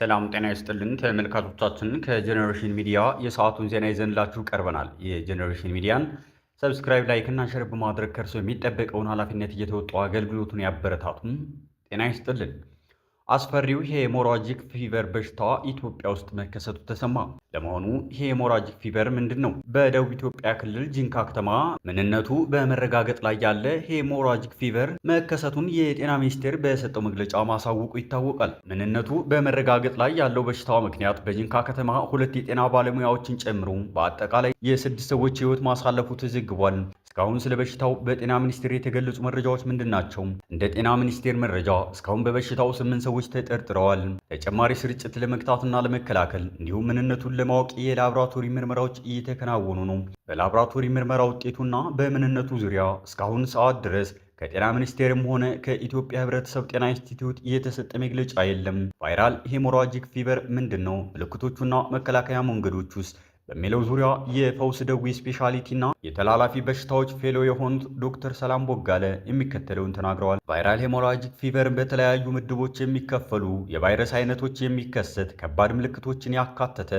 ሰላም ጤና ይስጥልን ተመልካቾቻችን፣ ከጀኔሬሽን ሚዲያ የሰዓቱን ዜና ይዘንላችሁ ቀርበናል። የጀኔሬሽን ሚዲያን ሰብስክራይብ፣ ላይክ እና ሸር በማድረግ ከርሶ የሚጠበቀውን ኃላፊነት እየተወጡ አገልግሎቱን ያበረታቱም። ጤና ይስጥልን። አስፈሪው የሄሞራጂክ ፊቨር በሽታ ኢትዮጵያ ውስጥ መከሰቱ ተሰማ። ለመሆኑ የሄሞራጂክ ፊቨር ምንድን ነው? በደቡብ ኢትዮጵያ ክልል ጂንካ ከተማ ምንነቱ በመረጋገጥ ላይ ያለ ሄሞራጂክ ፊቨር መከሰቱን የጤና ሚኒስቴር በሰጠው መግለጫ ማሳወቁ ይታወቃል። ምንነቱ በመረጋገጥ ላይ ያለው በሽታው ምክንያት በጂንካ ከተማ ሁለት የጤና ባለሙያዎችን ጨምሮ በአጠቃላይ የስድስት ሰዎች ሕይወት ማሳለፉ ተዘግቧል። እስካሁን ስለ በሽታው በጤና ሚኒስቴር የተገለጹ መረጃዎች ምንድን ናቸው? እንደ ጤና ሚኒስቴር መረጃ እስካሁን በበሽታው ስምንት ሰዎች ተጠርጥረዋል። ተጨማሪ ስርጭት ለመግታትና ለመከላከል እንዲሁም ምንነቱን ለማወቅ የላብራቶሪ ምርመራዎች እየተከናወኑ ነው። በላብራቶሪ ምርመራ ውጤቱና በምንነቱ ዙሪያ እስካሁን ሰዓት ድረስ ከጤና ሚኒስቴርም ሆነ ከኢትዮጵያ ሕብረተሰብ ጤና ኢንስቲትዩት የተሰጠ መግለጫ የለም። ቫይራል ሄሞራጂክ ፊቨር ምንድን ነው? ምልክቶቹና መከላከያ መንገዶች ውስጥ በሚለው ዙሪያ የፈውስ ደዌ ስፔሻሊቲና የተላላፊ በሽታዎች ፌሎ የሆኑት ዶክተር ሰላም ቦጋለ የሚከተለውን ተናግረዋል። ቫይራል ሄሞራጂክ ፊቨር በተለያዩ ምድቦች የሚከፈሉ የቫይረስ አይነቶች የሚከሰት ከባድ ምልክቶችን ያካተተ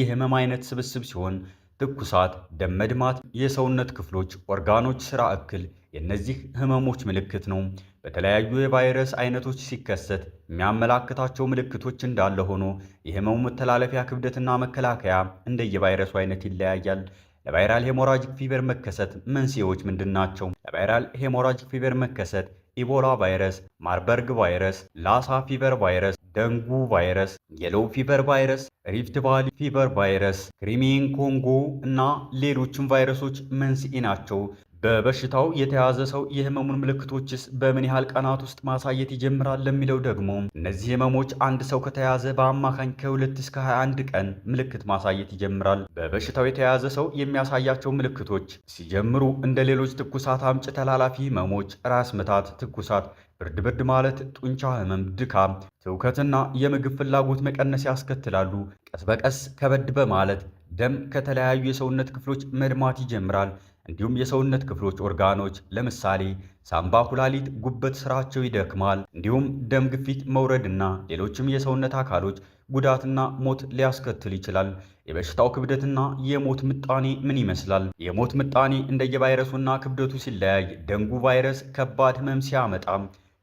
የህመም አይነት ስብስብ ሲሆን ትኩሳት፣ ደም መድማት፣ የሰውነት ክፍሎች፣ ኦርጋኖች ስራ እክል የእነዚህ ህመሞች ምልክት ነው። በተለያዩ የቫይረስ አይነቶች ሲከሰት የሚያመላክታቸው ምልክቶች እንዳለ ሆኖ የህመሙ መተላለፊያ ክብደትና መከላከያ እንደየቫይረሱ አይነት ይለያያል። ለቫይራል ሄሞራጂክ ፊቨር መከሰት መንስኤዎች ምንድን ናቸው? ለቫይራል ሄሞራጂክ ፊቨር መከሰት ኢቦላ ቫይረስ፣ ማርበርግ ቫይረስ፣ ላሳ ፊቨር ቫይረስ፣ ደንጉ ቫይረስ፣ የሎው ፊቨር ቫይረስ፣ ሪፍት ቫሊ ፊቨር ቫይረስ፣ ክሪሚን ኮንጎ እና ሌሎችም ቫይረሶች መንስኤ ናቸው። በበሽታው የተያዘ ሰው የህመሙን ምልክቶችስ በምን ያህል ቀናት ውስጥ ማሳየት ይጀምራል ለሚለው ደግሞ እነዚህ ህመሞች አንድ ሰው ከተያዘ በአማካኝ ከ2 እስከ 21 ቀን ምልክት ማሳየት ይጀምራል። በበሽታው የተያዘ ሰው የሚያሳያቸው ምልክቶች ሲጀምሩ እንደ ሌሎች ትኩሳት አምጪ ተላላፊ ህመሞች ራስ ምታት፣ ትኩሳት ብርድ ብርድ ማለት፣ ጡንቻ ህመም፣ ድካም፣ ትውከትና የምግብ ፍላጎት መቀነስ ያስከትላሉ። ቀስ በቀስ ከበድ በማለት ደም ከተለያዩ የሰውነት ክፍሎች መድማት ይጀምራል። እንዲሁም የሰውነት ክፍሎች ኦርጋኖች ለምሳሌ ሳምባ፣ ኩላሊት፣ ጉበት ስራቸው ይደክማል። እንዲሁም ደም ግፊት መውረድና ሌሎችም የሰውነት አካሎች ጉዳትና ሞት ሊያስከትል ይችላል። የበሽታው ክብደትና የሞት ምጣኔ ምን ይመስላል? የሞት ምጣኔ እንደየቫይረሱና ክብደቱ ሲለያይ፣ ደንጉ ቫይረስ ከባድ ህመም ሲያመጣ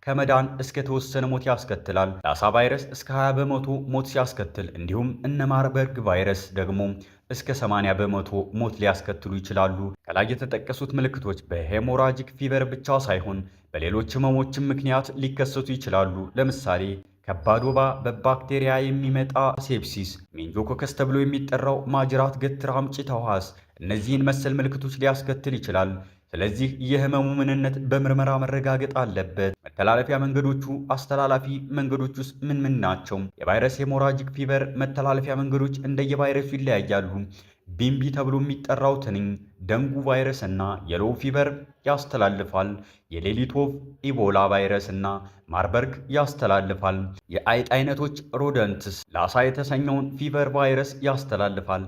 ከመዳን እስከ ተወሰነ ሞት ያስከትላል። ላሳ ቫይረስ እስከ 20 በመቶ ሞት ሲያስከትል እንዲሁም እነ ማርበርግ ቫይረስ ደግሞ እስከ 80 በመቶ ሞት ሊያስከትሉ ይችላሉ። ከላይ የተጠቀሱት ምልክቶች በሄሞራጂክ ፊቨር ብቻ ሳይሆን በሌሎች ህመሞችም ምክንያት ሊከሰቱ ይችላሉ። ለምሳሌ ከባድ ወባ፣ በባክቴሪያ የሚመጣ ሴፕሲስ፣ ሜንጆኮከስ ተብሎ የሚጠራው ማጅራት ገትር አምጪ ተዋስ እነዚህን መሰል ምልክቶች ሊያስከትል ይችላል። ስለዚህ የህመሙ ምንነት በምርመራ መረጋገጥ አለበት። መተላለፊያ መንገዶቹ አስተላላፊ መንገዶች ውስጥ ምን ምን ናቸው? የቫይረስ ሄሞራጂክ ፊቨር መተላለፊያ መንገዶች እንደየቫይረሱ ይለያያሉ። ቢምቢ ተብሎ የሚጠራው ትንኝ ደንጉ ቫይረስ እና የሎው ፊቨር ያስተላልፋል። የሌሊት ወፍ ኢቦላ ቫይረስ እና ማርበርግ ያስተላልፋል። የአይጥ አይነቶች ሮደንትስ ላሳ የተሰኘውን ፊቨር ቫይረስ ያስተላልፋል።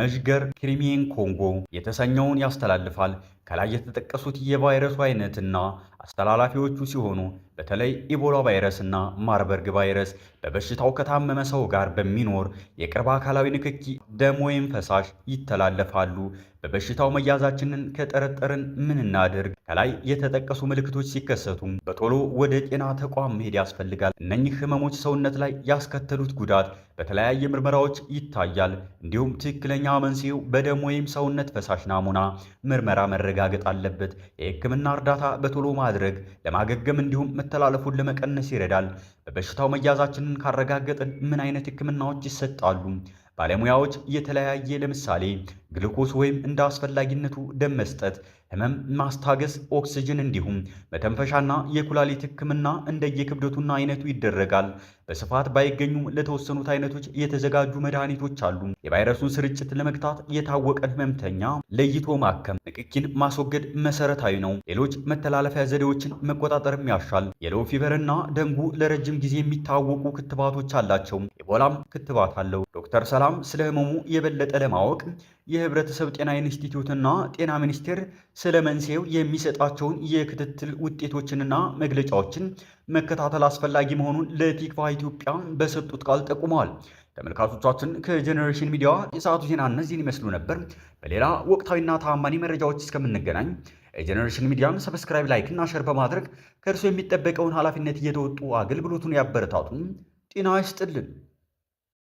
መዥገር ክሪሚየን ኮንጎ የተሰኘውን ያስተላልፋል። ከላይ የተጠቀሱት የቫይረሱ አይነትና አስተላላፊዎቹ ሲሆኑ በተለይ ኢቦላ ቫይረስና ማርበርግ ቫይረስ በበሽታው ከታመመ ሰው ጋር በሚኖር የቅርብ አካላዊ ንክኪ፣ ደም ወይም ፈሳሽ ይተላለፋሉ። በበሽታው መያዛችንን ከጠረጠርን ምን እናድርግ? ከላይ የተጠቀሱ ምልክቶች ሲከሰቱ በቶሎ ወደ ጤና ተቋም መሄድ ያስፈልጋል። እነኚህ ህመሞች ሰውነት ላይ ያስከተሉት ጉዳት በተለያየ ምርመራዎች ይታያል። እንዲሁም ትክክለኛ መንስኤው በደም ወይም ሰውነት ፈሳሽ ናሙና ምርመራ መረገ መረጋገጥ አለበት። የህክምና እርዳታ በቶሎ ማድረግ ለማገገም እንዲሁም መተላለፉን ለመቀነስ ይረዳል። በበሽታው መያዛችንን ካረጋገጥን ምን አይነት ህክምናዎች ይሰጣሉ? ባለሙያዎች የተለያየ ለምሳሌ ግልኮስ ወይም እንደ አስፈላጊነቱ ደም መስጠት፣ ህመም ማስታገስ፣ ኦክስጅን እንዲሁም መተንፈሻና የኩላሊት ህክምና እንደየክብደቱና አይነቱ ይደረጋል። በስፋት ባይገኙም ለተወሰኑት አይነቶች የተዘጋጁ መድኃኒቶች አሉ። የቫይረሱን ስርጭት ለመግታት የታወቀን ህመምተኛ ለይቶ ማከም፣ ንክኪን ማስወገድ መሰረታዊ ነው። ሌሎች መተላለፊያ ዘዴዎችን መቆጣጠርም ያሻል። የሎ ፊቨርና ደንጉ ለረጅም ጊዜ የሚታወቁ ክትባቶች አላቸው። ኢቦላም ክትባት አለው። ዶክተር ሰላም ስለ ህመሙ የበለጠ ለማወቅ የህብረተሰብ ጤና ኢንስቲትዩትና ጤና ሚኒስቴር ስለ መንስኤው የሚሰጣቸውን የክትትል ውጤቶችንና መግለጫዎችን መከታተል አስፈላጊ መሆኑን ለቲክቫህ ኢትዮጵያ በሰጡት ቃል ጠቁመዋል። ተመልካቾቻችን ከጀኔሬሽን ሚዲያ የሰዓቱ ዜና እነዚህን ይመስሉ ነበር። በሌላ ወቅታዊና ታማኒ መረጃዎች እስከምንገናኝ የጀኔሬሽን ሚዲያን ሰብስክራይብ፣ ላይክ እና ሸር በማድረግ ከእርሱ የሚጠበቀውን ኃላፊነት እየተወጡ አገልግሎቱን ያበረታቱን። ጤና ይስጥልን።